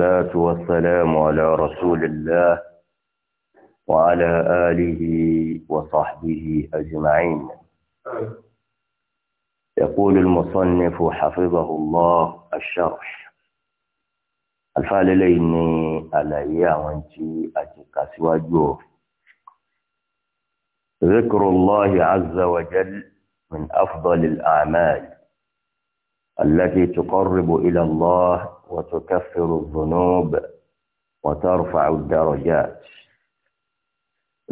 والصلاة والسلام على رسول الله وعلى آله وصحبه أجمعين يقول المصنف حفظه الله الشرح الفعل ليني على ياونتي أتكاسواجو ذكر الله عز وجل من أفضل الأعمال التي تقرب إلى الله وتكفر الذنوب وترفع الدرجات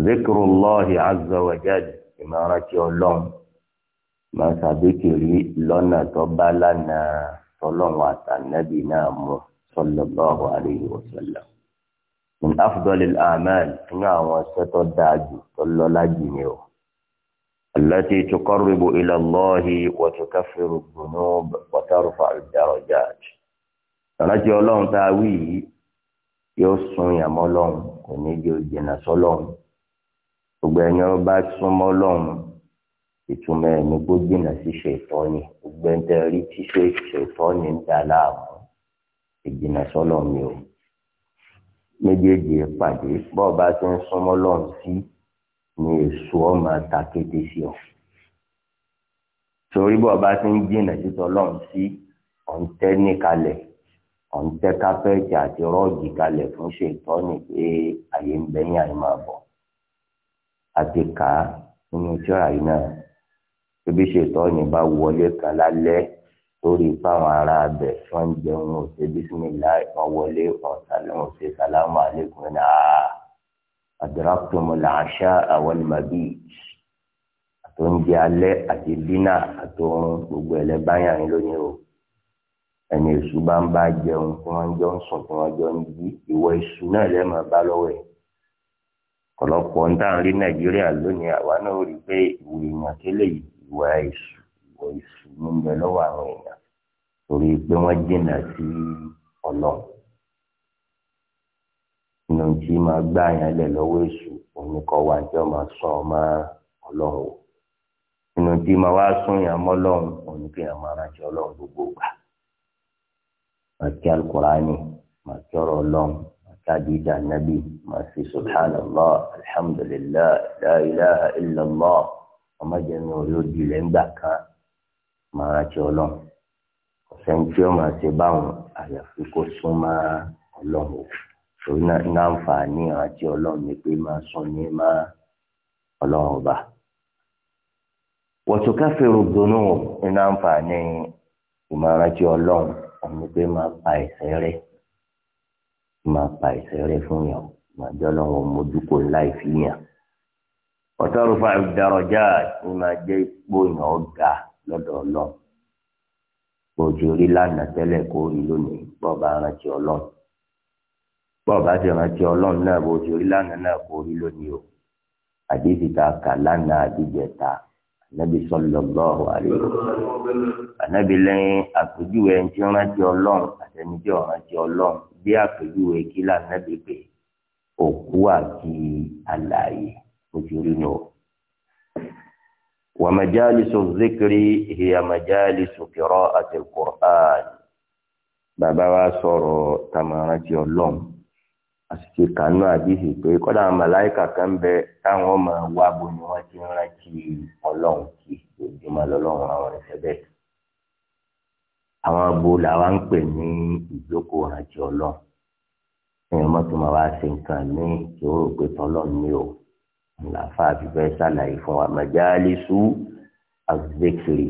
ذكر الله عز وجل إمارة اللهم ما سبكري لي تبا لنا صلوات النبي نام صلى الله عليه وسلم من أفضل الأعمال نعم ستدعج صلى الله التي تقرب إلى الله وتكفر الذنوب وترفع الدرجات ìrántí ọlọ́run tá a wí yìí yóò sun ìyàmọ́ ọlọ́run kò ní jẹ́ òjìnà sọlọ́run gbogbo ẹni wọn bá súnmọ́ ọlọ́run ìtumọ̀ ẹ̀mí gbójìnà sí ṣètọ́ni gbogbo ẹni tẹ́ rí tí ṣètọ́ni ń dà láàmú ìjìnà sọlọ́run ni o méjèèjì pàdé bọ́ọ̀ bá ti ń súnmọ́ ọlọ́run sí ni èso ọmọ takété sí ọ torí bọ́ọ̀ bá ti ń jìnà sí tọ́lọ́run sí ọ̀ǹtẹ́nìkalẹ̀ ọ̀ǹtẹ́ kápẹ́ẹ̀tì àti rọ́ọ̀gì kalẹ̀ fún ṣètọ́ni pé àyè ń bẹ́yìn àyè máa bọ̀ àti kà á nínú tíra yìí náà ebi ṣètọ́ni bá wọlé kan lálẹ́ lórí fáwọn ará abẹ tí wọ́n ń jẹun ò ṣe bísímìlá wọn wọlé wọn sàlámù àlékún náà àdúrákùtùmù làṣà àwọn màbí àtúnjẹ alẹ́ àti dínà àtòrun gbogbo ẹlẹ́báyà yín ẹni èṣù bá ń bá jẹun tí wọ́n jọ ń sùn tí wọ́n jọ ń jí ìwọ èṣù náà lẹ́mọ bá lọ́wọ́ ẹ̀ ọ̀pọ̀lọpọ̀ ń dáhùn rí nàìjíríà lónìí àwa náà rí i pé ìwé èèyàn kélé ìwà èṣù ìwọ èṣù ń bẹ lọ́wọ́ àwọn èèyàn torí pé wọ́n jìnnà sí ọlọ́run nínú tí máa gbá yẹn lẹ̀ lọ́wọ́ èṣù òun kọ́ wa jọ máa sọ ọmọ ọlọ́run o tí máa wá sún yàn mọ́ ọlọ́run òun kì í máa rántí máa kí alukurani máa kí ọ̀rọ̀ Ọlọ́run máa kí adida nabi máa fi subhanallah alhamdulillah la ilaha illallah ọmọdéni olódì rẹ ńgbà kan máa rántí Ọlọ́run ọsẹni tí ó máa ṣe báwọn àyàfi kó súnmọ́ Ọlọ́run o torí náà ń fa ní ìrántí Ọlọ́run ni pé máa sún ní máa Ọlọ́run ọba wọ́n tún káfíńrù gbóná ìnáǹfààní ìmọ̀ràn tí Ọlọ́run àmì pé máa pa ẹ̀ṣẹ̀ rẹ̀ máa pa ẹ̀ṣẹ̀ rẹ̀ fún yàn máa jẹ́ ọlọ́run mójúkó láì fi yàn. ọ̀tọ́rù fáwọn ìdárọ̀jà ni máa jẹ́ ipò yàn ọ̀gá lọ́dọ̀ ọlọ́run òjò rí lánàá tẹ́lẹ̀ kó rí lónìí bọ́ọ̀bá rántí ọlọ́run bọ́ọ̀bá ti rántí ọlọ́run náà bó ti rí lánàá náà kó rí lónìí o àdéhìí ta kà lánàá àdíjẹta anabi sallallahu alaihi anabi lẹ́yìn àpèjúwe ẹni tí rántí Ọlọ́run àtẹni tí ó rántí Ọlọ́run bí àpèjúwe kí là anabi pé òkú àti àlàyé ojúrí nù. wa majalisu zikri hiya majalisu qira'ati al bàbá wa sọ̀rọ̀ tàmáràn tí àsìkò kanú àdìsí pé kọ́dà màláìkà kan bẹ táwọn ọmọ wa bo ni wọ́n ti rántí ọlọ́run kì í ojúmọ́ lọ́lọ́run àwọn ẹ̀fẹ́ bẹ́ẹ̀. àwọn abo làwọn ń pè ní ìjókòó rántí ọlọ́run ẹ̀yìn mọ́tò máa wá ṣe nǹkan ní ìṣòro pé tọ́lọ́run ni o làáfà àti fẹ́ ṣàlàyé fún wa màjálísù àzékiri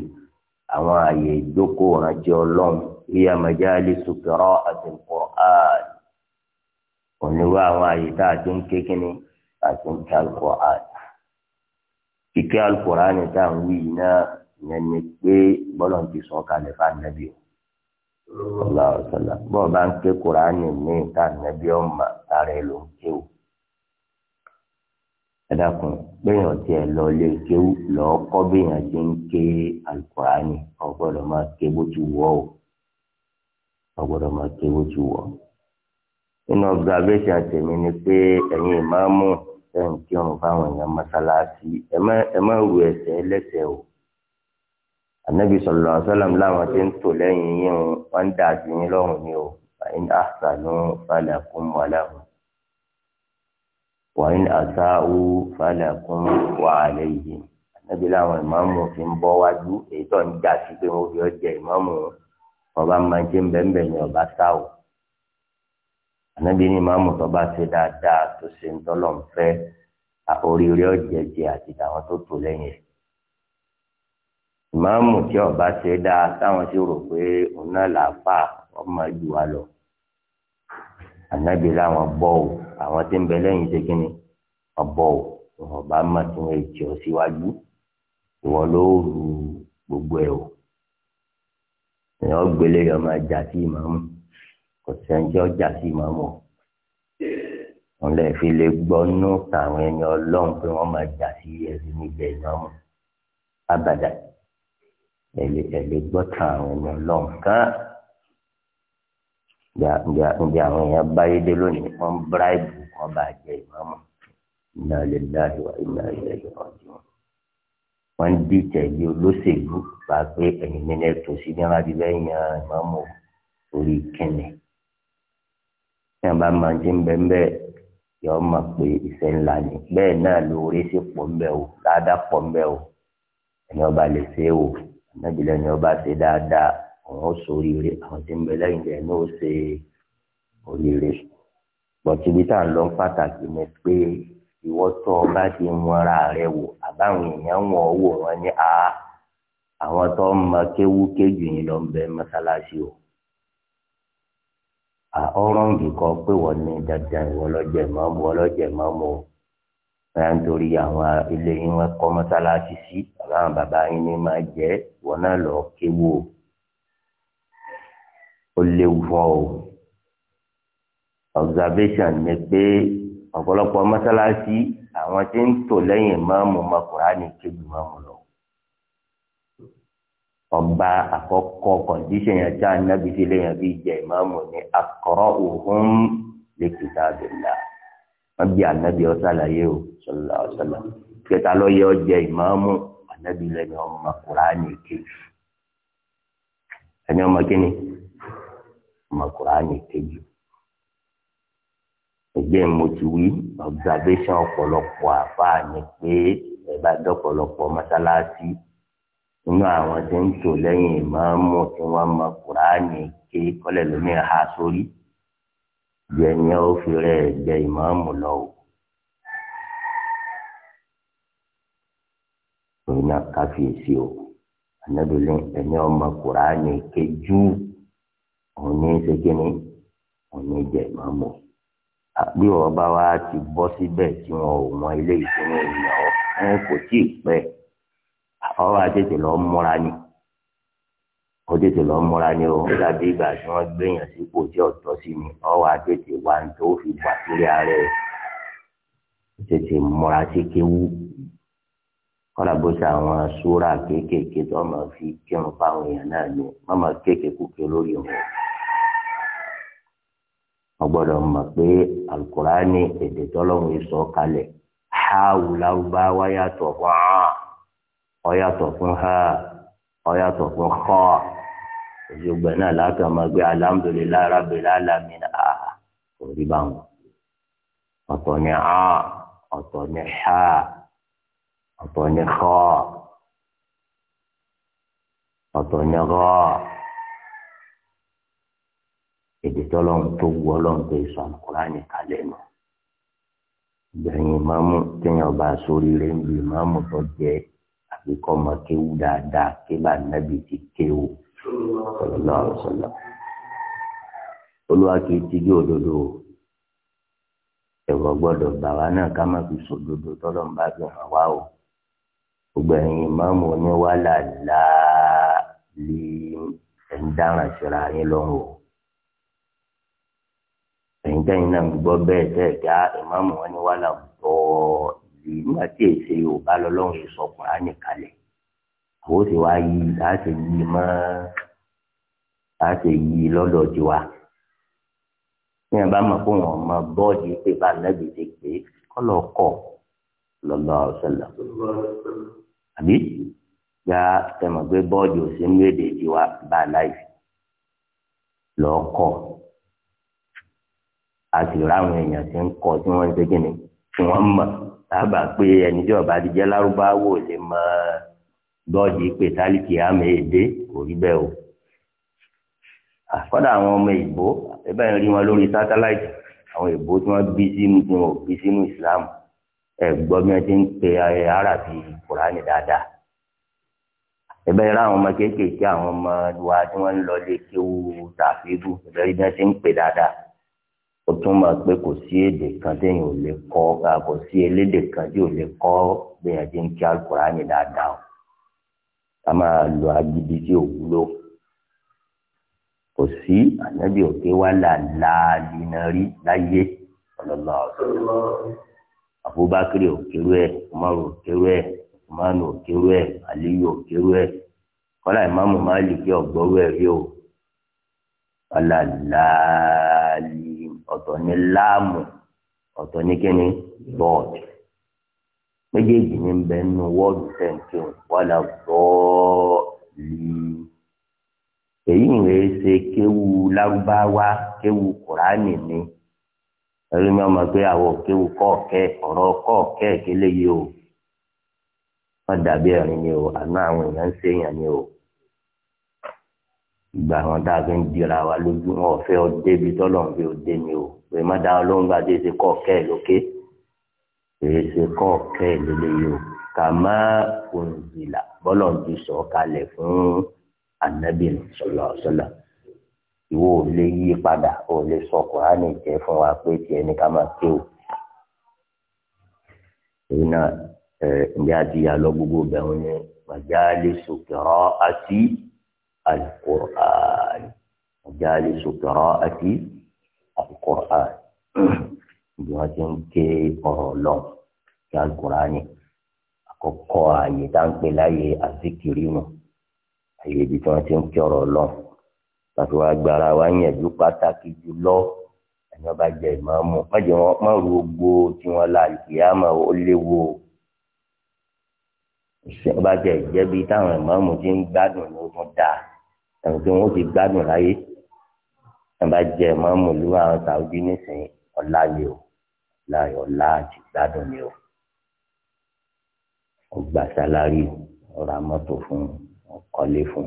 àwọn àyè ìjókòó rántí ọlọ́run ìyá màjálísù qira'atil Qur'an onírú àwọn àyè tá a ti ń ké kínní a ti ń ké alukur'an kíké alukur'an tá à ń wí yìí náà yẹn ni pé bọ́lọ̀ ti sọ kalẹ̀ fún anabi o sọlá bọ́ọ̀ bá ń ké kur'an ní ká anabi ọmọ tààrà ẹ ló ń ké o ẹ dákun gbẹ̀yìn ọ̀tí lọ lé kéwú lọ́ọ́ kọ́ bẹ́yìn ti ń ké alukur'an ọgbọ́dọ̀ máa ké bó ti wọ̀ o máa ké bó ti wọ̀ o nínú observation tèmi ni pé ẹ̀yin ìmáàmù ẹ̀ ń kírun fáwọn èèyàn mọ́sálásí ẹ má ru ẹsẹ̀ ẹlẹ́sẹ̀ o ànábì sallallahu alaihi wasallam láwọn tí ń tò lẹ́yìn yín o wọ́n ń dà sí yín lọ́rùn ni o wàyín àṣàánú falakum walahum wàyín àṣàáwú falakum wa alayhim ànábì láwọn ìmáàmù fi ń bọ́ wájú èyí tó ń dà sí pé wọ́n fi ọjà ànábi ní màmú tó bá ṣe dáadáa tó ṣe ń tọ́lọ̀ ń fẹ́ oríire ọ̀jẹ̀jẹ̀ àti tàwọn tó tò lẹ́yìn ẹ̀ ìmáàmù tí ọba ṣe dáa táwọn sì rò pé òun náà làáfà ọmọ jù wá lọ ànábi láwọn bọ́ ò àwọn tí ń bẹ lẹ́yìn ṣe kínní ọbọ ò ọba mọ̀ tí wọ́n ti ọ síwájú ìwọ ló rú gbogbo ẹ̀ o èèyàn gbélé ọmọ ajá sí ìmáàmù kò sẹ́ńjẹ́ ọjà sí màmú wọn lè fi lè gbọ́ nú tàwọn ẹni ọlọ́run pé wọ́n máa jà sí ẹ̀rí níbẹ̀ ìnáwó abàdà ẹ̀lẹ́ ẹ̀lẹ́ gbọ́ tàwọn ẹni ọlọ́run kán ǹjẹ́ àwọn èèyàn báyé dé lónìí wọ́n bíráìbù wọ́n bá jẹ ìmọ̀ọ́mù iná lè láàyè wá iná lè lè ọ̀dì wọn. wọ́n dìtẹ̀ olóṣèlú bá pé ẹ̀yìn mi lẹ́tọ̀ọ́ sí ní wọ́n á di bẹ́ẹ̀ yan orí kẹ́nẹ̀ẹ́ ẹ̀ bá máa jí ń bẹ́ẹ̀ bẹ́ẹ̀ yọ ọ mọ̀ pé ìfẹ́ ńlá ni bẹ́ẹ̀ náà lóore sì pọ̀ ń bẹ o dáadáa pọ̀ ń bẹ o ẹni ọba lè ṣe o ẹnẹ́bìlẹ̀ ni ọba ṣe dáadáa àwọn ó so oríire àwọn tí ń bẹ lẹ́yìn rẹ̀ ní ó ṣe oríire bọ̀tìbí tá à ń lọ pàtàkì ni pé ìwọ tó ọba ti wọn ara rẹ wò àbáwọn èèyàn wọn wò wọn ní a àwọn tó ń mọ kéwú kéjù yìí lọ ń bẹ mọ́sálásí o ọ̀rọ̀ǹgì kan pé wọ́n ní dandan ìwọ lọ́jọ́ ìmọ̀ọ́mù ọlọ́jọ́ ìmọ̀ọ́mù o bẹ́ẹ̀ nítorí àwọn ilé yín wọn kọ́ mọ́sálásí sí àwọn bàbá yín ní máa jẹ́ wọn náà lọ kéwò ó léwu fún ọ observation ni pé ọ̀pọ̀lọpọ̀ mọ́sálásí àwọn tí ń tò lẹ́yìn ìmọ̀ọ́mù mọ́kùnrin á ní kébì mọ́ọ̀mù lọ ọba àkọ́kọ́ kọ̀ǹdíṣẹ̀ yẹn tí anábì fi léyìn bí jẹ́ ìmáàmù ní akọ̀rọ̀ òhun lè kìtà àbẹ̀là wọ́n bí anábì ọ̀sálàyé o sọlá ọ̀sálà kẹta lọ́yẹ ọjẹ́ ìmáàmù anábì lẹ́nu ọmọ kùránì ké ẹni ọmọ kíni ọmọ kùránì kéjì ẹgbẹ́ mọ̀tìwí observation ọ̀pọ̀lọpọ̀ àfáà ni pé ẹ bá dọ́pọ̀lọpọ̀ mọ́sálásí inú àwọn tí ń tò lẹ́yìn ìmáàmù tí wọ́n mọ kùránì ké kọ́lẹ̀ lómi ha sórí jẹ̀yìn ó fi rẹ̀ jẹ ìmáàmù lọ o. òun náà káfíyèsí o anábìlẹ̀ ẹ̀mí ọmọ kùránì ké jù òun ní í ṣe kíni òun ní jẹ ìmáàmù bí wọ́n bá wá ti bọ́ síbẹ̀ tí wọn ò mọ ilé ìsinmi ìyàwó wọn kò tí ì pẹ́ àwọn wa tètè lọ múra ni ó tètè lọ múra ni o dàbí ìgbà tí wọn gbẹyàn sípò tí ọ̀tọ̀ sí ni ọwọ àtètè wà ní tó fi gbà sílé ààrẹ tètè múra sí kéwú kọ́lá bó ṣe àwọn súra kéékèèké tó máa fi kírun fáwọn èèyàn náà ni wọ́n máa kéékèèké kúkẹ́ lórí wọn. wọ́n gbọ́dọ̀ mọ̀ pé alukurani èdè tọ́lọ́hún sọ kalẹ̀ háàwù lárúbáwá yàtọ̀ fún ọ̀yàtọ̀ fún ha ọ̀yàtọ̀ fún kọ́ òṣùgbọ́n náà láti ọmọ gbé alhamdulilayi rabbil alamin a orí bá wọn ọ̀tọ̀ ni a ọ̀tọ̀ ni ha ọ̀tọ̀ ni kọ́ ọ̀tọ̀ ni rọ́ èdè tọ́lọ́run tó wú ọlọ́run tó sọ àkùránì kalẹ̀ nù gbẹ̀yìn ìmáàmù téèyàn bá sórí rẹ̀ ń bi ìmáàmù tó jẹ́ àfi kọ́ ọmọ kéwú dáadáa kébà nábì ti kéwú sọlọ́lá ọ̀sọ̀lá olúwa kì í tijú òdodo ẹ̀rọ gbọ́dọ̀ bà wá náà ká má fi sòdodo tọ́lọ̀ ń bá fi hàn wá o gbogbo ẹ̀yin ìmáàmù oníwàlà láàlì ẹ̀ dáràn síra yín lọ́rùn o ẹ̀yin tẹ́yìn náà gbọ́ bẹ́ẹ̀ tẹ́ẹ̀ ká ìmáàmù oníwàlà bọ́ọ̀ nígbà tí èsè yorùbá lọ́lọ́run yìí sọ kùránì kalẹ̀ àwọn ti wá yí láti yí mọ́ láti yí lọ́dọ̀ tiwa ní ẹ bá mọ̀ pé wọn mọ bọ́ọ̀dì pé bá nàbì ti pé kọ́lọ̀ kọ̀ lọ́lọ́ ọ̀sẹ̀lẹ̀ àbí ya tẹmọ̀ pé bọ́ọ̀dì òsínú èdè tiwa bá láìsí lọ́kọ̀ a sì ráwọn èèyàn tí ń kọ tí wọ́n ń ṣe kí tí wọ́n mọ̀ sábà pé ẹni tí ọba àdìjẹ lárúbáwò lè mọ gọọdì pé tálíkì àmì èdè kò rí bẹ́ẹ̀ o àkọ́dà àwọn ọmọ ìbò ẹbẹ̀ ń rí wọn lórí sátáláìtì àwọn ìbò tí wọ́n bí sínú tí wọ́n bí sínú Islam ẹ̀ gbọ́ bí wọ́n ti ń pe arábì kùránì dáadáa ẹbẹ̀ ń rá àwọn ọmọ kéékèèké àwọn ọmọ wa tí wọ́n ń lọ lé kéwú tàfíìbù ẹbẹ̀ rí bí wọ́n ti ń pe dáadáa ó tún máa pé kò sí èdè kan téèyàn ò lè kọ́ kò sí elédè kan tí ò lè kọ́ bẹ́ẹ̀ ti ń kí alukurani dáadáa o ká máa lo agídí tí ò wúlò kò sí ànábì òkè wá làlàlì náà rí láyé ọlọlọ Abubakar òkèrú ẹ Umaru òkèrú ẹ Usmanu òkèrú ẹ Aliyu òkèrú ẹ kọlá ìmáàmù Málìkì ọgbọrú ẹ rí o làlàlì. ọ̀tọ̀ ní láàmù ọ̀tọ̀ ní kíni bọ́ọ̀dù méjèèjì ní bẹ nínú wọ́ọ̀dù tẹ̀ǹtì wàlà bọ́ọ̀lì èyí rèé ṣe kéwu lárúbáwá kéwu kùránì ni ẹlú mi ọmọ pé àwọn òkéwu kọ́ọ̀kẹ́ ọ̀rọ̀ kọ́ọ̀kẹ́ o wọ́n dàbí ẹ̀rín o àná àwọn èèyàn ń o. ìgbà àwọn tá a fi ń dira wa lójú wọn ọ̀fẹ́ ọdẹ bíi tọ́lọ̀ ń fi ọdẹ mi o pé má dá ọlọ́run gba dé ṣe kọ́ ọ̀kẹ́ lókè èyí ṣe kọ́ ọ̀kẹ́ lélẹ́yìí o kà má òǹzìlà bọ́lọ̀ ń ti sọ kalẹ̀ fún anabi sọlọ sọlọ ìwọ ò lè yí padà ò lè sọ kùránì jẹ fún wa pé tiẹ̀ ní ká máa ké o èyí náà ẹ̀ ǹjẹ́ àti ìyá lọ gbogbo bẹ̀rù ni màjá lè sòkè ọ́ àti. القرآن مجالس قراءة القرآن بيوتين كي أرولون كالقرآن àkọ́kọ́ ààyè tá ń pè láyè àzikiri nù àyè ibi tí wọ́n ti ń kí ọ̀rọ̀ lọ pàtó agbára wa ń yẹ̀dú pàtàkì jùlọ ẹni ọba jẹ ìmáàmù mọ̀jẹ̀ wọn má ru gbogbo tí wọ́n la ìyáàmà ó léwu ẹ̀rù tí wọ́n ti gbádùn láyé wọ́n jẹ mọ́mù lú àwọn sàwùjú nísìnyí ọ̀la ni o láyé ọ̀la àti gbádùn ni o ọgbà sálárì ọ̀rọ̀ amọ́tò fún ọkọ̀lé fún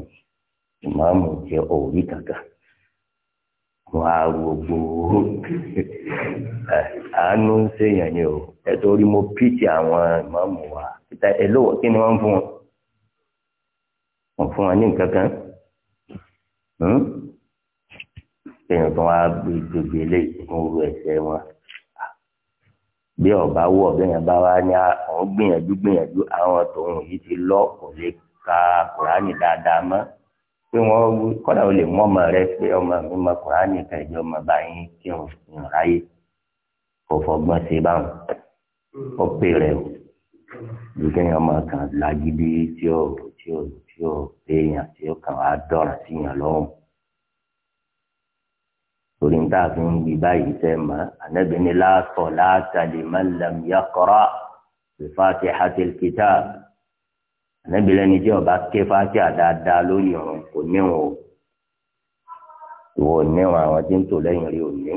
ìmọ̀ọ́mù jẹ́ òórí kankan wọn á gbogbo àánú ń ṣèyàn ni o ẹtọ́rí mo pìtì àwọn ìmọ̀ọ́mù wa ẹ lówó kí ni wọ́n ń fún wọn wọ́n fún wọn ní nǹkan kan. Hmm? èèyàn tó wá gbé gbègbè lé ìwúrú ẹsẹ̀ wọn bí ọba wọ bẹyàn bá wá ní àwọn gbìyànjú gbìyànjú àwọn tòun yìí ti lọ kò lè ka kùránì dáadáa mọ́ pé wọn kódà ó lè mú ọmọ rẹ pé ọmọ mi mọ kùránì kẹjọ ọmọ báyìí kí n rìn ráyè kò fọgbọ́n ṣe báwọn ó rẹ o ju kéèyàn máa lágídí tí ó tí ò tí ò péyàn tí ó kàn wá dọ̀ràn síyàn lọ́rùn. torí ń tà fi ń gbi báyìí tẹ́ mọ́ ànábì ní la salata liman lam yaqra bi fatihatil kitab ànábì lẹ́ni tí ọba ké fátíà dáadáa lórí ọ̀run kò níwọ̀n o níwọ̀n àwọn tí ń tò lẹ́yìn rí òní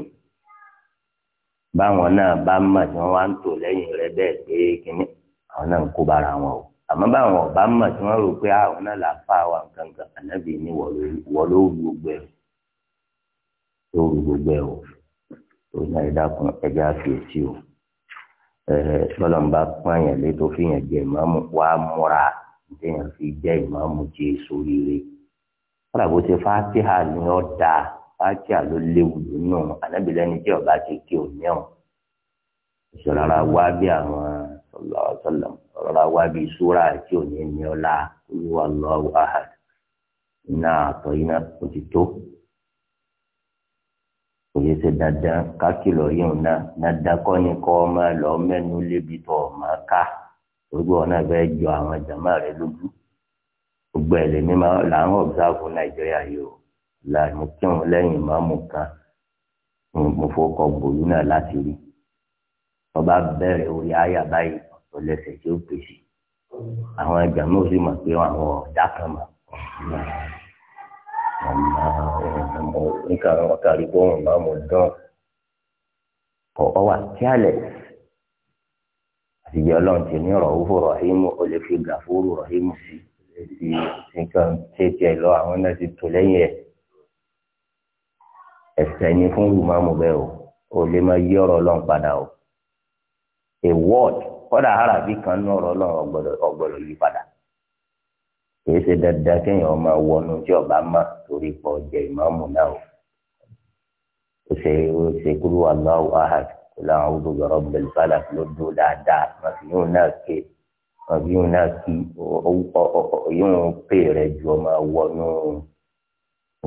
báwọn náà bá mọ̀ tí wọ́n wá ń tò lẹ́yìn rẹ bẹ́ẹ̀ pé kínní àwọn náà ń kó bára wọn o àmọ́ báwọn ọba mọ̀ tí wọ́n rò pé àwọn ah, náà là fà wà gangan ànábì ní wọ́n ló rú gbogbo ẹ̀ ló rú gbogbo ẹ̀ o torí náà ìdákun ẹja fèsì o lọ́lọ́mùbá pọ́n yẹn lé tó fi yẹn jẹ ìmáàmù wá múra téèyàn fi jẹ́ ìmáàmù jẹ́ sóríire kọ́dà bó ṣe fátíhà ni ọ́ da fátíhà ló léwu lónìí ànábì lẹ́ni tí ọba ti kí òní ọ̀ ìṣọ̀rọ̀ sallallahu alaihi wasallam rọra wá bí súra tí ò ní ní ọlá olúwa Allahu ahad iná àtọ̀ iná kò ti tó kò yẹ ṣe dandan kákìlọ̀ yóò náà dandan kọ́ ni kọ́ ọmọ lọ mẹ́nu lébi tọ̀ ọ̀mọ́ ká gbogbo ọ̀nà fẹ́ jọ àwọn jàmá rẹ lójú gbogbo ẹ̀ lèmi máa làwọn ọ̀bùsáàfù nàìjíríà yìí o làmú kí wọn lẹ́yìn ìmáàmù kan mo fọkọ̀ gbòòlù náà láti rí ọba bẹ̀rẹ̀ orí àyà báyìí ọlẹ́sẹ̀ tí ó pèsè àwọn ẹgbẹ́ náà sì mọ̀ pé àwọn ọ̀dà kan mọ̀ ọmọ níka ọ̀tá àdúgbò wọn máa mọ̀ dán ọ̀ọ́ wà kíálẹ̀ àtijọ́ ọlọ́run ti ní rọ̀húfò rọ̀hímù ó lè fi gàfúrú rọ̀hímù sí ti nǹkan tètè lọ àwọn náà ti tò lẹ́yìn ẹ̀ ẹ̀sẹ̀ ni fún ìmáàmù bẹ́ẹ̀ o ò lè máa yí ọ̀rọ̀ ọlọ́run padà o a word kọ́dà harafi kan ní ọ̀rọ̀ náà ọ̀gbọ̀dọ̀ yí padà kìí ṣe dandan kéèyàn ọmọ wọnú tí ọba má torí pọ̀ jẹ ìmáàmù náà o ó ṣe ó ṣe kúrú Allahu ahad kúláwọn awúdó yọrọ bẹ̀rẹ̀ fàlà ló dó dáadáa màfíyún náà ké màfíyún náà kí yóò pè rẹ ju ọmọ wọnú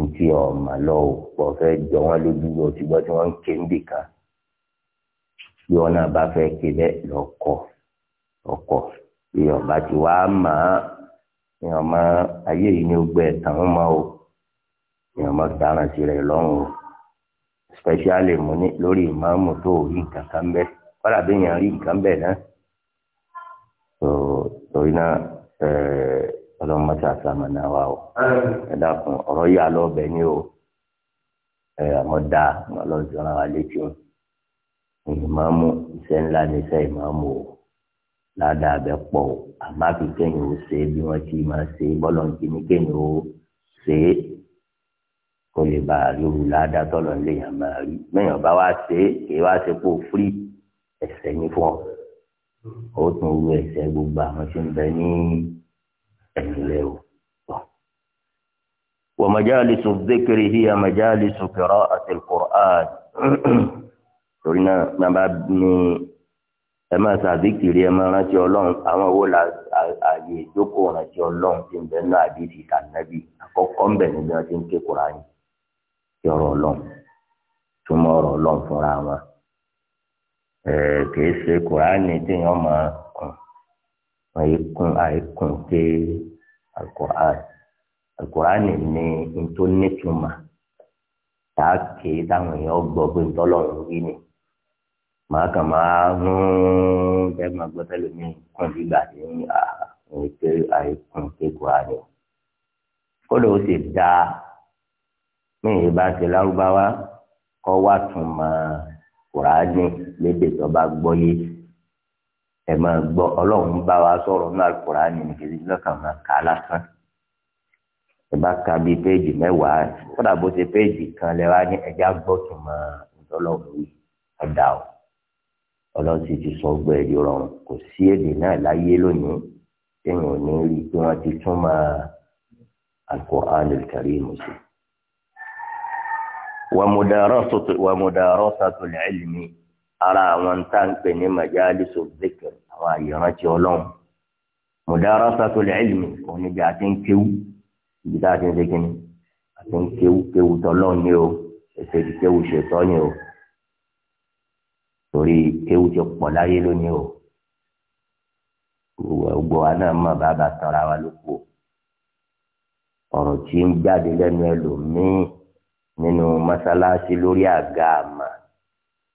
ntí ọmọ lọ pọ̀ fẹ́ jọ wọn lójú lọ sígbà tí wọ́n ń ké níbìkan bí wọn náà bá fẹ́ ké bẹ́ẹ̀ lọ́kọ̀ ọkọ̀ ìyọ̀bá ti wá mà á ìyọ̀n mọ ayé yìí ní gbẹ tàn án o ìyọ̀n mọ́ dáràn sí rẹ̀ lọ́rùn o especially mo ní lórí ìmáàmù tó rí nǹkan kan bẹ́ẹ̀ kọ́dà bí yẹn rí nǹkan bẹ́ẹ̀ náà so torí náà ọlọ́run mọ́tò àtàmánà wa o ẹ dákun ọ̀rọ̀ yà lọ́ọ̀bẹ ní o àmọ́ dáa ọlọ́run ti rán wa létí o ìmáàmù iṣẹ́ ńlá ní iṣẹ́ ìmáàmù o ládàá abẹ pọ̀ o àmọ́ àfi kéèyàn ṣe bí wọ́n ti máa ṣe bọ́lọ̀ ń kíní kéèyàn ṣe é kó lè bá a lóru ládàá tọ́lọ̀ ń léèyàn máa rí mẹ́yàn bá wá ṣe é kì wá ṣe kó fúrí ẹ̀sẹ̀ ní fún ọ ó tún ru ẹ̀sẹ̀ gbogbo àwọn tí ń bẹ ní ẹ̀yìn rẹ o. ومجالس الذكر هي مجالس قراءة القرآن torí náà náà bá ní ẹ máa ṣàdíkìrì ẹ máa rántí ọlọ́run àwọn owó la àyè ìjókòó rántí ọlọ́run ti ń bẹ náà àdìsí tànàbí àkọ́kọ́ ń bẹ níbi wọn ti ń ké Kùránì ti ọ̀rọ̀ ọlọ́run túmọ̀ ọ̀rọ̀ ọlọ́run fúnra wọn kìí ṣe Kùránì téèyàn máa kùn wọn yìí kùn àìkùn ké Al-Kùránì al n tó nítumọ̀ tá a kéé táwọn èèyàn gbọ́ pé ntọ́lọ́run wí ni màá kàn máa ń bẹ́ẹ̀ máa gbọ́ tẹ́lẹ̀ ní kún gbígbà ní àìpé àìkún kékeré àárẹ̀ kódà ó sì da ní ìbá ti lárúbáwá kọ́ wá tún máa kùránì lédè tó bá gbọ́ yé ẹ máa gbọ́ ọlọ́run bá wa sọ̀rọ̀ náà kùránì nìkejì lọ́kàn máa kà á lásán ẹ bá ka bí péèjì mẹ́wàá kódà bó ṣe péèjì kan lẹ́wà ní ẹja gbọ́ tún máa ń tọ́lọ́run wí ọ̀dà o ọlọ́run sì ti sọ gbọ́ ẹ̀dì rọrùn kò sí èdè náà láyé lónìí téèyàn ò ní rí i pé wọ́n ti tún máa al-Qur'an al-Karim sí. wa mudarasatul ilmi ara àwọn ń tà ń pè ní majalisu dhikr àwọn àyẹ̀rántí ọlọ́run mudarasatul ilmi òun níbi àti ń kéwú ibi tá a ti ń ṣe kínní àti ń kéwú kéwú tọ́lọ́ọ̀ ni o èsè ti ṣètọ́ ni o torí ewu ti pọ̀ láyé lónìí o gbogbo wa náà mọ̀ bàbá tọ́ra wa ló kú ọ̀rọ̀ tí ń jáde lẹ́nu ẹlòmíín nínú mọ́sálásí lórí àga àmà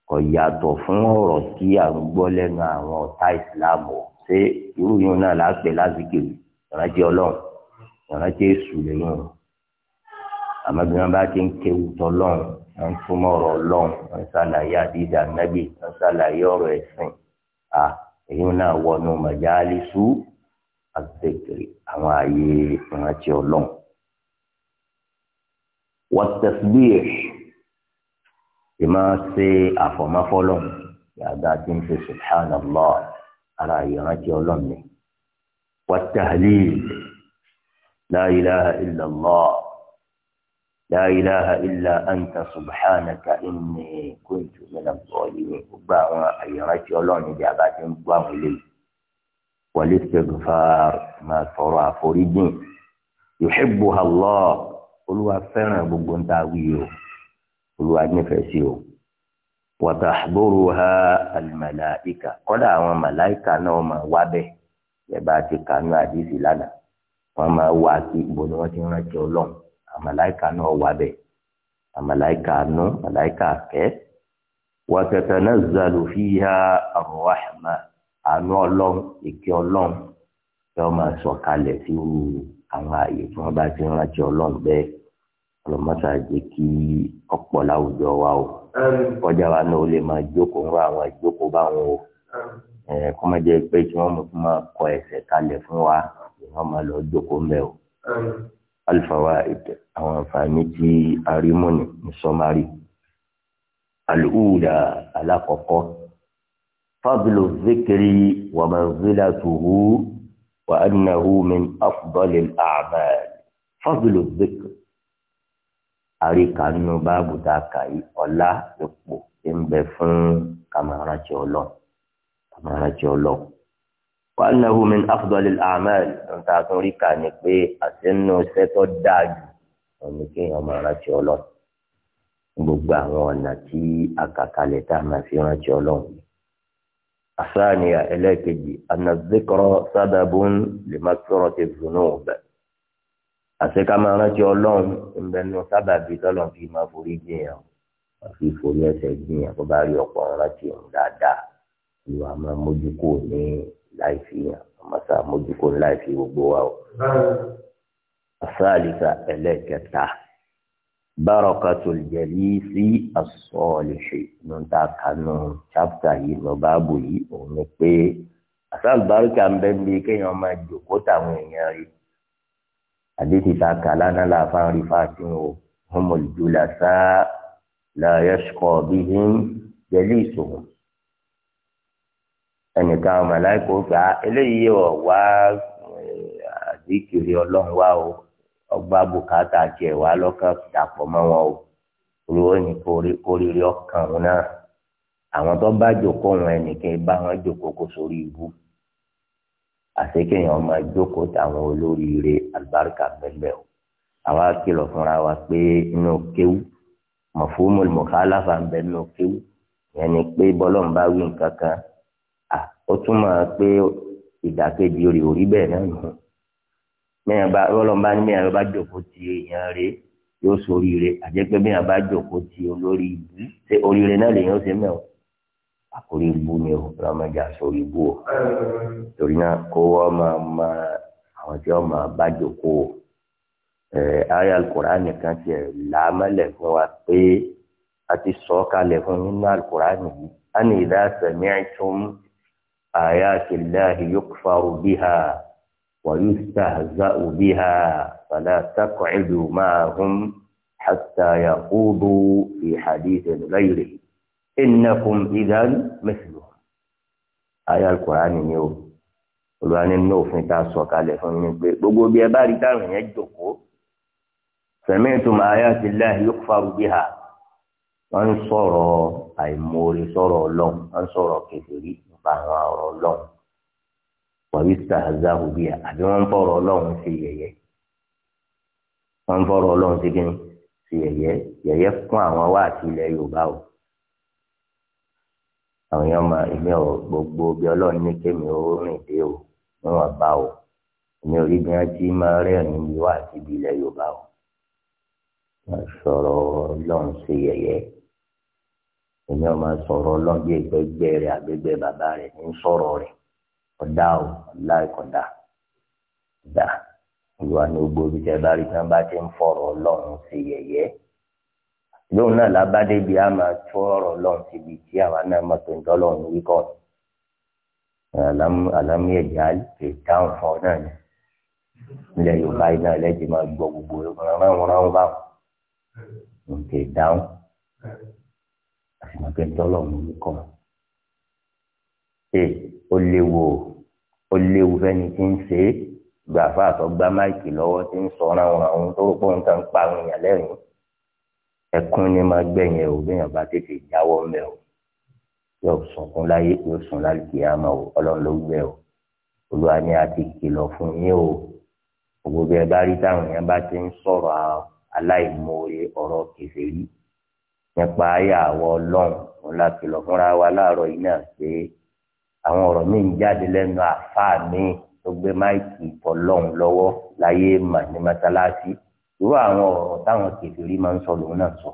kò yàtọ̀ fún ọ̀rọ̀ tí à ń gbọ́ lẹ́nu àwọn ọ̀tá ìsìláàmù ṣé irú yìí náà là á pè lásìkò ìrántí ọlọ́run ìrántí èṣù lẹ́yìn àmọ́ bí wọ́n bá ti ń kéwu tọ́lọ́run wọ́n túmọ̀ ọ̀rọ̀ ọlọ́run wọ́n ṣàlàyé àdídà nẹ́bì wọ́n ṣàlàyé ọ̀rọ̀ ẹ̀sìn à èyí náà wọnú màjálísù àgbègbè àwọn ààyè ìrántí ọlọ́run. wọ́tẹ̀síbíyè ti máa ṣe àfọ̀mọ́fọ́lọ́ yàrá tí ń ṣe subhanallah ara ìrántí ọlọ́run ni. wọ́tẹ̀hálíl la ilaha illallah la ilaha illa anta subhanaka inni kuntu minaz zalimin gbogbo àwọn àyẹ̀rántí ọlọ́run níbi àbá ti ń gbọ́ àwọn eléyìí wọlé sẹgùfàr máa tọrọ àforíjìn yòṣèbù hàlọ́ olúwa fẹ́ràn gbogbo ń ta wíyò olúwa nífẹ̀ẹ́ sí o wàtàbóró ha alimalaika kọ́dà àwọn malaika náà máa wá bẹ́ẹ̀ yẹ bá ti kànú àdìsí lánàá wọ́n máa wá kí ibo ni wọ́n ti rántí ọlọ́run àmàláìkà náà wà bẹ́ẹ̀ àmàláìkà nù àmàláìkà kẹ́ wa tatanazzalu fiha ar-rahma àánú ọlọ́run ìkẹ́ ọlọ́run yóò máa sọ̀kalẹ̀ sí àwọn ààyè tí wọ́n bá ti rántí ọlọ́run bẹ́ẹ̀ ọlọ́mọ́sá jẹ́ kí ọ̀pọ̀ láwùjọ wa o kọjá wa náà ó lè máa jókòó ń àwọn ìjókòó bá wọn o kọ́mọdé pé tí wọ́n mú kí wọ́n kọ ẹsẹ̀ kalẹ̀ fún wa wọ́n máa lọ jókòó ń o alfawaid àwọn àǹfààní tí arímọ̀nì ní sọ́mari al'ula alakọ̀kọ́ fadlu zikiri wa manzilatuhu wa annahu min afdali al'amal fadlu zikiri àríkànú báàbù tá a kà yí ọlá ipò ń bẹ fún kàmáratì ọlọ kàmáratì ọlọ wa annahu min afdalil a'mal nta tún rí kà ní pé àsínú iṣẹ́ tó dáa jù òní kéèyàn máa rántí ọlọ́run gbogbo àwọn ọ̀nà tí akàkalẹ̀ tá a máa fi rántí ọlọ́run. àsáàníyà ẹlẹ́ẹ̀kejì anazikọrọ sábàbùn lèmásọrọ ti zùnú ọ̀bẹ. àṣekà máa rántí ọlọ́run ìbẹnu sábàbí tọ́lọ̀ fi máa forí jìyàn àfi forí ẹsẹ̀ jìyàn tó bá rí ọ̀pọ̀ rántí òun dáadáa ìwà máa mójú kò ní láì fi yàn àmọ́sà mójúkó láì fi gbogbo wa o. asálìsà ẹlẹ́kẹta barakatul jalisi as-salihi nùtà kanu chapita yìí nù báàbù yìí òun ni pé asálùbáríkà ń bẹ́ẹ̀ bí kéèyàn máa jòkó táwọn èèyàn rí àdéhìí ta kàlá náà láàfáà rí fáàtì o humul julasa la yashqa bihim jalisuhum ẹnìkan ọmọ aláìkó gbà eléyìí ọ̀ wá eh, àdìkiri ọlọ́run wá o ọgbà bùkátà jẹ wá lọ́kàn dàpọ̀ mọ́ wọn o olùwọ́ ni kórìírí ọkàn wọn náà àwọn tó bá jòkó wọn ẹnìkan bá wọn jòkó kó sórí ibú àsekéyàn máa jókòó táwọn olóríire àlùbáríkà bẹ́ẹ̀ o àwa kìlọ̀ fúnra wa pé inú kéwú mọ̀fómù mọ̀kálàfà ń bẹ inú kéwú ìyẹn ni pé bọ́lọ́mùbá wí nǹkan kan ó túmọ̀ pé ìdàkejì rè ò rí bẹ́ẹ̀ náà nù mẹ́yàn bá rọ́lọ́mbá ní mẹ́yàn bá jòkó ti èèyàn rè yóò soríire àjẹpẹ́ mẹ́yàn bá jòkó ti olórí ìlú ṣé oríire náà lèyàn ó ṣe mẹ́wọ̀n àkórí ibú ni o ọlọmọdé àsọrí ibú o torí náà kó wọn máa ma àwọn tí wọn máa bá jòkó o ayé alukur'ani kan tiẹ̀ làámẹ́lẹ̀ fún wa pé a ti sọ ọ́ kalẹ̀ fún nínú alukur'ani yìí a ní idha sami'tum. آيات الله يكفر بها ويستهزأ بها فلا تقعدوا معهم حتى يقودوا في حديث غيره إنكم إذا مثلهم آية القرآن نيو القرآن النوف نتاس وكاله بقو بيباري تامن يجدوكو سمعتم آيات الله يكفر بها أنصر أي موري صر لهم أنصر كثيري pààrọ̀ ọ̀rọ̀ ọlọ́run wàyí sàzáhù bíi àbí wọ́n ń fọ̀rọ̀ ọlọ́run ṣe yẹ̀yẹ́ wọ́n ń fọ̀rọ̀ ọlọ́run ṣe kíni ṣe yẹ̀yẹ́ yẹ̀yẹ́ fún àwọn wá àti ilẹ̀ yorùbá o àwọn èèyàn máa èmi ò gbogbo bí ọlọ́run ní kémi ó rìn dé o níwọ̀n bá o èmi ò rí bí wọ́n ti máa rẹ́rìn bí wá àti ibi ilẹ̀ yorùbá o wọ́n sọ̀rọ̀ ọlọ́run ṣe yẹ̀yẹ́ èmi ọmọ sọ̀rọ̀ ọlọ́run bí ẹgbẹ́gbẹ́ rẹ̀ àgbẹ̀gbẹ́ bàbá rẹ̀ ń sọ̀rọ̀ rẹ̀ ọ̀dà ò ọ̀dà ìkọ̀dà dà olùwà ní gbogbo ibi tẹ́ bá rí tí wọ́n bá ti ń fọ̀rọ̀ ọlọ́run sí yẹ̀yẹ́ lóun náà lábádé bíi a máa tó ọ̀rọ̀ ọlọ́run síbi tí àwa náà mọ̀ tó ń tọ́lọ́run wíkọ̀ àlámúyẹ̀dá lè dáhùn fún ọ náà ni yorùbá iná ẹlẹ́jì máa gbọ́ gbogbo rẹ̀ rán àyàfi tọ́lọ̀ ń kọ́ ṣe ó léwu ó léwu fẹ́ni tí ń ṣe é gbàfà àtọ́gbá máìkì lọ́wọ́ tí ń sọ ọ́nà àwọn ohun tó rò pé òun kàn ń pa àwọn èèyàn lẹ́rìn ẹkún ni máa gbẹ̀yìn ò bí èèyàn bá tètè jáwọ́ mẹ́ o yóò sunkún láyé yóò sùn láti àmọ́ o ọlọ́run ló gbẹ o olúwa ni a ti kìlọ̀ fún yín o gbogbo ẹ bá rí táwọn èèyàn bá ti ń sọ̀rọ̀ aláìmoore ọ̀rọ̀ kèfèrí nípa ayé àwọ ọlọ́run òun la kìlọ̀ fúnra wa láàárọ̀ yìí náà pé àwọn ọ̀rọ̀ míì ń jáde lẹ́nu àfáà míì tó gbé máìkì tọlọ́run lọ́wọ́ láyé mà ní mọ́sálásí irú àwọn ọ̀rọ̀ táwọn kèfèrí máa ń sọ lòun náà sọ.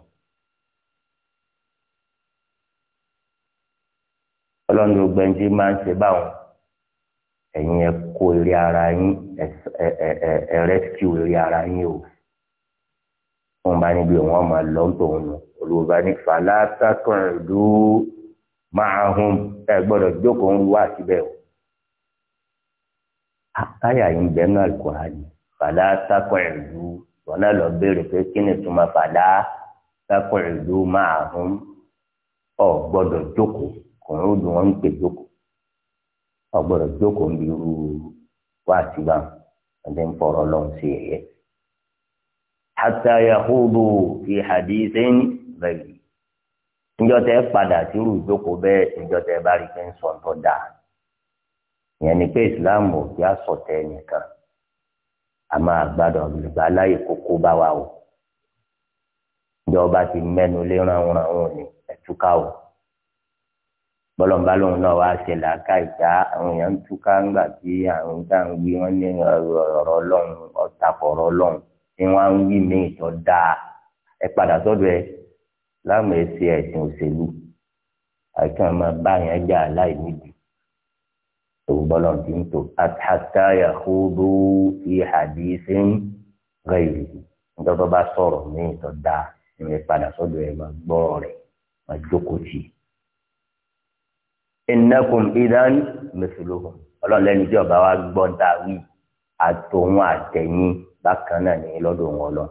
ọlọ́run ló gbẹ́njí máa ń ṣe báwọn ẹ̀yin ẹ eré ara yín ẹ ẹ ẹ rẹ́síkìú eré ara yín o wọn bá níbi wọn máa lọ ń tòun nù olùwọ́ba ní fàlàtàkùn ìlú máa hun ẹ gbọ́dọ̀ jókòó ń wá síbẹ̀ o. àkáyà yìí bẹ́ẹ̀ náà Al-Kùránì fàlàtàkùn ìlú wọn náà lọ béèrè pé kí ni ìtumọ̀ fàlàtàkùn ìlú máa hun ọ gbọ́dọ̀ jókòó kò ń dùn wọn ń pè jókòó ọ gbọ́dọ̀ jókòó ń bí irú wá síbà wọn ti ń fọ̀rọ̀ lọ́hùn sí ẹ̀yẹ́ hatta yahudu fi hadithin bẹ́ẹ̀ níjọ́ tẹ́ padà sírù ìjókòó bẹ́ẹ̀ níjọ́ tẹ́ bá rí pé ń sọ tó dáa ìyẹn ni pé islam ò fi àsọtẹ nìkan a máa gbádùn olùgbà láyè kókó bá wa o ìjọba ti mẹ́nu lé ránran òun ni ẹtúká o bọlọmọba náà wàá ṣe làákà ìjà àwọn èèyàn ń túká ńgbà tí àwọn ìjà ń wí wọn ní ọ̀rọ̀ Ọlọ́run ọtakọ ọ̀rọ̀ ni wọn ń wí mí ìtọ́ dáa ẹ padà sọ́dọ̀ ẹ láwọn èsì ẹ̀sìn òṣèlú àìsàn máa bá yẹn jà láìnídìí òun bọ́lá ti ń tò àtàtà yàhóòdó fi hàdí ń rẹ̀lì nítorí bá sọ̀rọ̀ mí ìtọ́ dáa ẹ padà sọ́dọ̀ ẹ máa gbọ́ rẹ̀ máa jókòó tì í. innakum idan mithluhum ọlọ́run lẹ́nu tí ọba wa gbọ́ dáa wí àtòun àtẹ̀yìn bákan náà ní lọ́dọ̀ wọn lọ.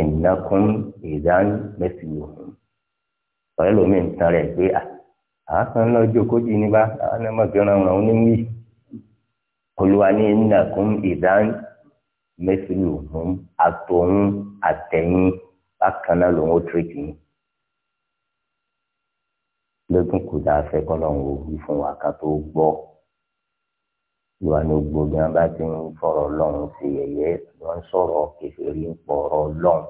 ìnákun ìdán mẹ́sìlóhùn ọ̀rẹ́ lómi ń tan rẹ̀ pé àwọn kan náà jókòjì níbà àwọn náà mọ̀kí ọ̀ràn ọ̀ràn oníwì. olúwa ní ìnákun ìdán mẹ́sìlóhùn àtòun àtẹ̀yìn bákan náà lòun ó tìrìkì yìí lẹ́gùn kò dáa fẹ́ kọ́ lọ́run wí fún wa ká tó gbọ́ ìwà ni gbogbo bí wọn bá ti ń fọ̀rọ̀ Ọlọ́run ṣe yẹ̀yẹ́ wọn ń sọ̀rọ̀ kẹfìrí ń pọ̀rọ̀ Ọlọ́run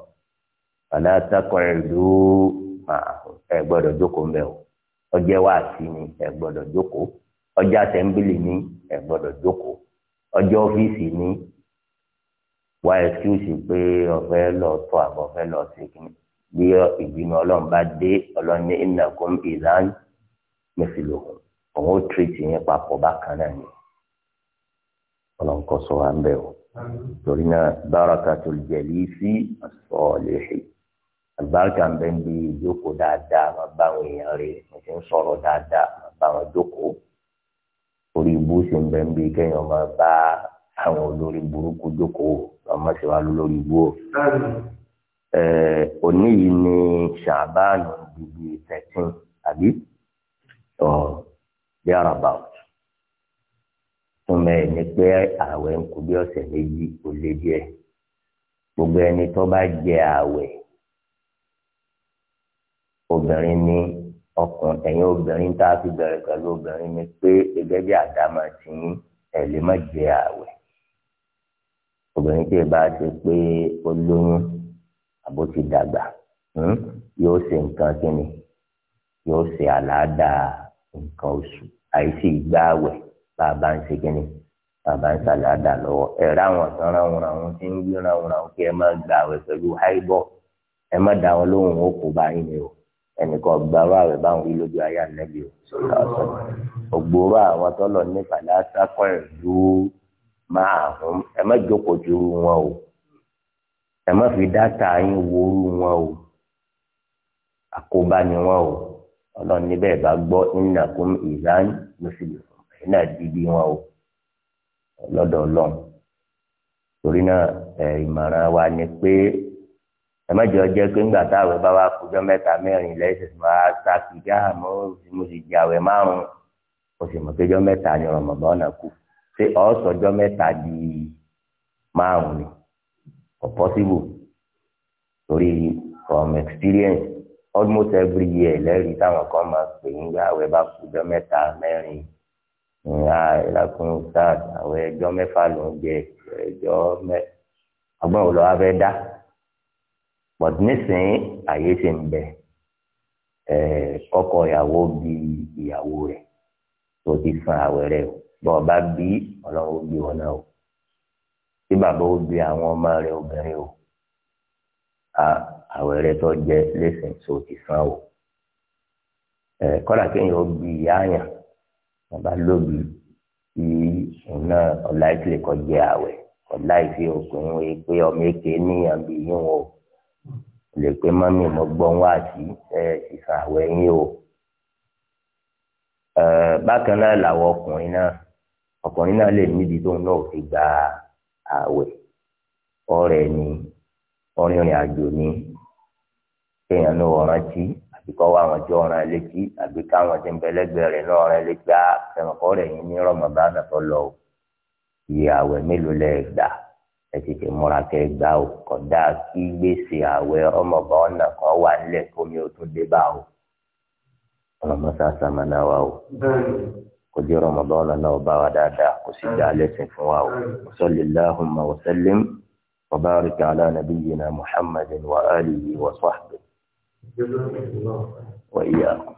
bàdá sákọrin ìlú ẹ gbọ́dọ̀ jókòó ń bẹ o ọjẹ wáàsí ni ẹ gbọ́dọ̀ jókòó ọjà tẹmbìlì ni ẹ gbọ́dọ̀ jókòó ọjọ ọfíìsì ni wá ẹsíkúùsì pé ọfẹ lọ tọ àbọ ọfẹ lọ sí kíni bí ìgbìmọ̀ Ọlọ́run bá dé Ọlọ́run ní ìnàkó ìlànà mẹsìlò òun ó tìrìtì yẹn papọ̀ bákan náà ni ọlọ́run kọ́ sọ wa ń bẹ̀ o torí náà barakatul jalisi as-salihi àlùbáríkà ń bẹ ń bí ìjókòó dáadáa máa bá àwọn èèyàn rè mo ti ń sọ̀rọ̀ dáadáa máa bá àwọn jókòó orí ibú sì ń bẹ bí kéèyàn máa bá àwọn olórí burúkú jókòó ọmọ sì wá lórí ibú o. òní yìí ni ṣàbáànù bíbí thirteen àbí ọ̀ bí àràbà o túmọ̀ ẹ̀ ni pé ààwẹ̀ ń kú bí ọ̀sẹ̀ méjì ó lé díẹ̀ gbogbo ẹni tó bá jẹ ààwẹ̀ obìnrin ni ọkùn ẹ̀yin obìnrin tá a fi bẹ̀rẹ̀ pẹ̀lú obìnrin ni pé gẹ́gẹ́ bí àdámà ti ń ẹ̀ lè má jẹ ààwẹ̀ obìnrin tí ì bá ti pé ó lóyún àbó ti dàgbà hmm, yóò ṣe nǹkan kínni yóò ṣe àlàáda nǹkan oṣù àìsí ìgbà ààwẹ̀ bàbá ń ṣe kínní bàbá ń ṣàlẹ̀ àdà lọ́wọ́ ẹ̀rọ àwọn kan ráwọn àwọn tí ń gbé ráwọn àwọn kí ẹ má gba àwẹ̀ pẹ̀lú háìbọ̀ ẹ má dá wọn lóhùn ó kó báyìí ni o ẹnìkan gba wá àwẹ̀ báwọn wí lójú ayé ànẹ́bí o sọ̀rọ̀ àṣọ̀rọ̀ ògbóró àwọn tọ́lọ̀ ní fàlásà kan ìlú máa hùn ẹ má jókòó ju wọn o ẹ má fi dáta yín wóoru wọn o àkóbá ni wọn o ọlọ́run níbẹ̀ bá gbọ́ ìnàkùn ìlànà lọ́sibẹ̀ náà di bí wọn o lọ́dọ̀ Ọlọ́run torí náà ìmọ̀ràn wa ni pé ẹ má jọ jẹ́ pé ńgbà táwọn bá wá kọjọ́ mẹ́ta mẹ́rin lẹ́sẹ̀ máa ta kìjà àmọ́ mo sì jẹ àwẹ̀ márùn-ún mo sì mọ̀ péjọ́ mẹ́ta ni ọ̀rọ̀mọ̀bá ọ̀nà kù ṣé ọ̀ọ́sọ̀jọ́ mẹ́ta di márùn-ún ni kò possible torí from experience almost every year lẹ́rìí táwọn kan máa pè ń gbà àwẹ̀ bá kọjọ́ mẹ́ta mẹ́rin ìyá ìlàkùn stars àwọn ẹjọ́ mẹ́fà ló ń jẹ ẹjọ́ mẹ́ ọgbọ́n òun lọ́wọ́ fẹ́ dá but nísìnyí àyè ti ń bẹ kọ́kọ́ ìyàwó bí ìyàwó rẹ̀ tó ti san àwẹ̀ rẹ̀ o bọ́ ọ bá bí ọlọ́run ó bí wọn náà o tí bàbá ó bí àwọn ọmọ rẹ̀ obìnrin o àwẹ̀ rẹ̀ tó jẹ lẹ́sìn tó ti san o kọ́dà kéèyàn ó bí ìyá àyàn bàbá lóbi tí iná ọ̀la ìtìlẹ̀ kọjá àwẹ̀ ọ̀la ìfi ọkùnrin wọ̀ pé ọmọ èké ní àbí yín o lè pé mọ́mí mo gbọ́ wá sí ẹ ìfà àwẹ̀ yín o. bákan náà làwọn ọkùnrin náà ọkùnrin náà lè níbi tóun náà fi gba àwẹ̀ ọ̀rẹ́ ni ọ̀rìnrìn àjò ni kéèyàn náà rántí kíkọ́ wá àwọn ọjọ́ ọ̀ràn létí àbí káwọn ti ń bẹ lẹ́gbẹ̀ẹ́ rẹ̀ náà ọ̀ràn létí á ah, ẹnìkọ́ rẹ̀ yín ní rọmọbánà tó lọ o iye àwẹ̀ mélòó lẹ gbà ẹ ti ti múra kẹ gbà o kódà kí gbèsè àwẹ̀ rọmọbánà kan wà nílẹ̀ kó mi ò tún dé bá o ọlọmọsá sàmánà wa o kò jẹ́ rọmọbánà náà bá wa dáadáa kò sì dá lẹ́sìn fún wa o sallallahu wa sallim wa barika ala nabiyyina muhammadin wa alihi wa sahbihi. وإياكم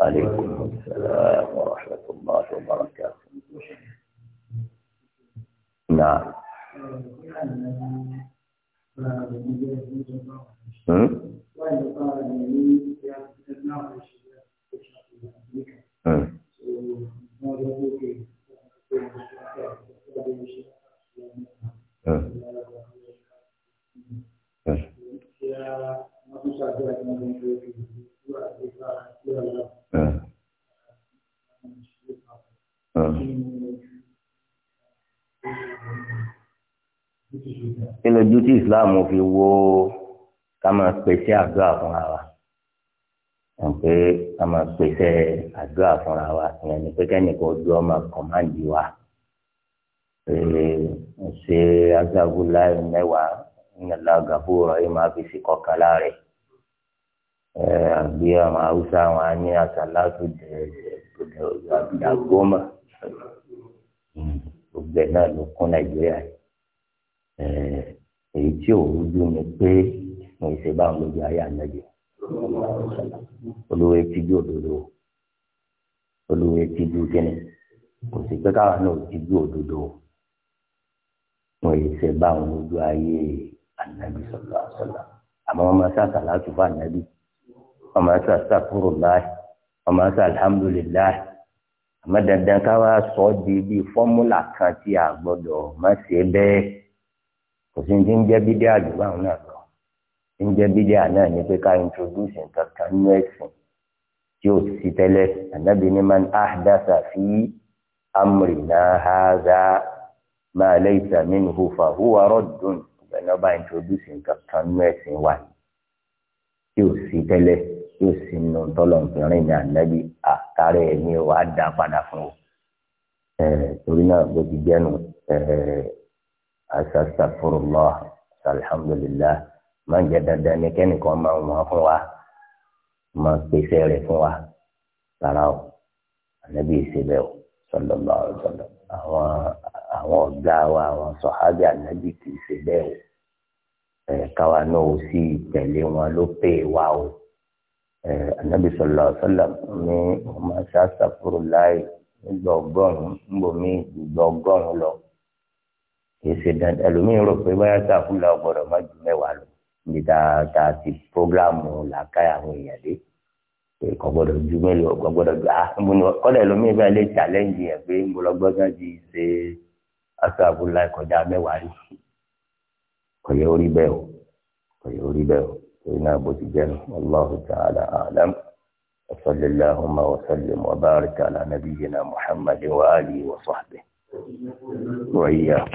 عليكم السلام ورحمة الله وبركاته نعم هم؟ ojú tí islam fi wo ká máa pèsè àdúrà fúnra wa pé ká máa pèsè àdúrà fúnra wa ìyẹn ni pé kẹ́nìkan ojú ọmọ kọ̀máǹdì wa ṣe agbábúlá mẹ́wàá ńlá gàbúrò yìí máa fi sí kọkànlá rẹ̀ àbí àwọn haúsá wọn á ní àsálàtú dàgómà gbogbo ẹ̀ náà ló kún nàìjíríà yìí èyí tí òun dún ni pé mo ṣe bá wọn lójú ayé ànájẹ olùwé tìjú òdodo olùwé tìjú kíni kò sí pé káwọn náà tìjú òdodo mo ṣe bá wọn lójú ayé ànábì sọlá sọlá àmọ́ wọn máa ṣàṣà láti fún ànábì wọn máa ṣàṣà kúrò láì wọn máa ṣàṣà alhamdulilayi àmọ́ dandan káwọn sọ ọ di bíi fọ́múlà kan tí a gbọ́dọ̀ má ṣe bẹ́ẹ̀ kò sí ní ń jẹ́ bídíà àdúrà òun náà lọ ń jẹ́ bídíà náà ni pé ká introduce nǹkan kan ní ẹ̀sìn tí ò sí tẹ́lẹ̀ ànábì ní man ahdatha fi amrina hadha ma laysa minhu fa huwa raddun ìgbàna bá introduce nǹkan kan ní ẹ̀sìn wa tí ò sí tẹ́lẹ̀ tí ò sí nù tọ́lọ̀mùfẹ́rin ní ànábì àtàrà ẹ̀ ní dá padà fún ọ torí náà ló ti jẹ́nu asàtàfúrúlọ́ alhamdulillah máa ń jẹ dandan ní kẹ́nìkan máa ń wọ́n fún wa máa ń pèsè rẹ̀ fún wa rárá o ànábì ìṣẹ̀lẹ̀ o sọlọ́lọ́ ọ̀sọ̀lọ́ àwọn àwọn ọ̀gá wa àwọn sọ̀hábì ànábì kì í ṣe bẹ́ẹ̀ o káwa náà ó sì tẹ̀lé wọn ló pè wá o ànábì sọlọ́ ọ̀sọ̀lọ́ ní ọmọ asàtàfúrúlọ́ nígbà ọgọ́rùn-ún nígbà míì gbogbo lọ. kì í ṣe dandan ẹlòmíín rò pé báyà sàfúlà ọgbọdọ má ju mẹ́wàá lọ níbi tá a ti programu làákàyà àwọn èèyàn dé kò gbọ́dọ̀ ju mélòó kò gbọ́dọ̀ ju ah, kọdà ẹlòmíín bá lè challenge yẹn pé mo lọ gbọ́dọ̀ ti ṣe o kò yẹ orí bẹ́ẹ̀ o torí náà ta'ala Oh, yeah.